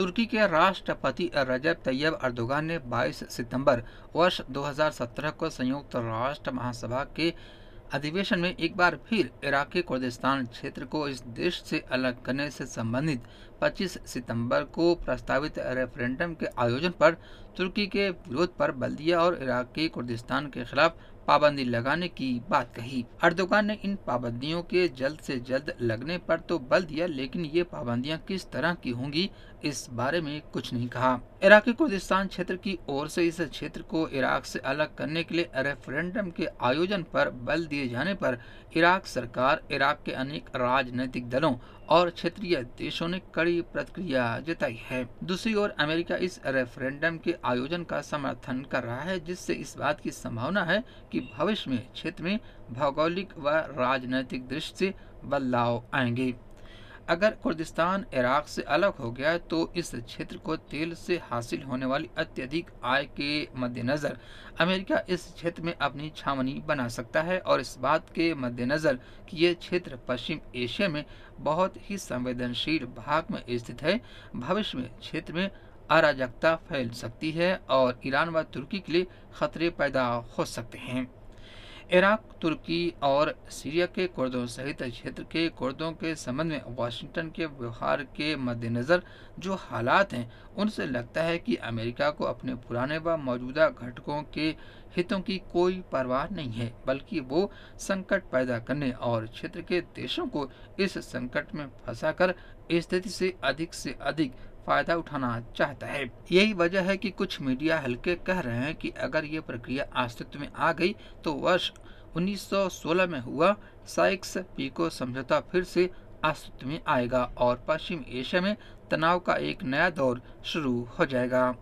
तुर्की के राष्ट्रपति Recep Tayyip Erdogan ने 22 सितंबर वर्ष 2017 को संयुक्त राष्ट्र महासभा के अधिवेशन में एक बार फिर इराकी कुर्दिस्तान क्षेत्र को इस देश से अलग करने से संबंधित 25 सितंबर को प्रस्तावित रेफरेंडम के आयोजन पर तुर्की के विरोध पर बल्दिया और इराकी कुर्दिस्तान के खिलाफ पाबंदी लगाने की बात कही अर्दोगान ने इन पाबंदियों के जल्द से जल्द लगने पर तो बल दिया लेकिन ये पाबंदियां किस तरह की होंगी इस बारे में कुछ नहीं कहा इराकी कुर्दिस्तान क्षेत्र की ओर से इस क्षेत्र को इराक से अलग करने के लिए रेफरेंडम के आयोजन पर बल दिए जाने पर इराक सरकार इराक के अनेक राजनीतिक दलों और क्षेत्रीय देशों ने कड़ी प्रतिक्रिया जताई है दूसरी ओर अमेरिका इस रेफरेंडम के आयोजन का समर्थन कर रहा है जिससे इस बात की संभावना है कि भविष्य में क्षेत्र में भौगोलिक व राजनैतिक दृष्टि से बदलाव आएंगे अगर कुर्दिस्तान इराक से अलग हो गया तो इस क्षेत्र को तेल से हासिल होने वाली अत्यधिक आय के मद्देनज़र अमेरिका इस क्षेत्र में अपनी छावनी बना सकता है और इस बात के मद्देनज़र कि यह क्षेत्र पश्चिम एशिया में बहुत ही संवेदनशील भाग में स्थित है भविष्य में क्षेत्र में अराजकता फैल सकती है और ईरान व तुर्की के लिए खतरे पैदा हो सकते हैं इराक तुर्की और सीरिया के कुर्दों सहित क्षेत्र के कुर्दों के संबंध में वाशिंगटन के व्यवहार के मद्देनज़र जो हालात हैं उनसे लगता है कि अमेरिका को अपने पुराने व मौजूदा घटकों के हितों की कोई परवाह नहीं है बल्कि वो संकट पैदा करने और क्षेत्र के देशों को इस संकट में फंसाकर स्थिति से अधिक से अधिक फायदा उठाना चाहता है यही वजह है कि कुछ मीडिया हल्के कह रहे हैं कि अगर ये प्रक्रिया अस्तित्व में आ गई तो वर्ष 1916 में हुआ साइक्स पीको समझौता फिर से अस्तित्व में आएगा और पश्चिम एशिया में तनाव का एक नया दौर शुरू हो जाएगा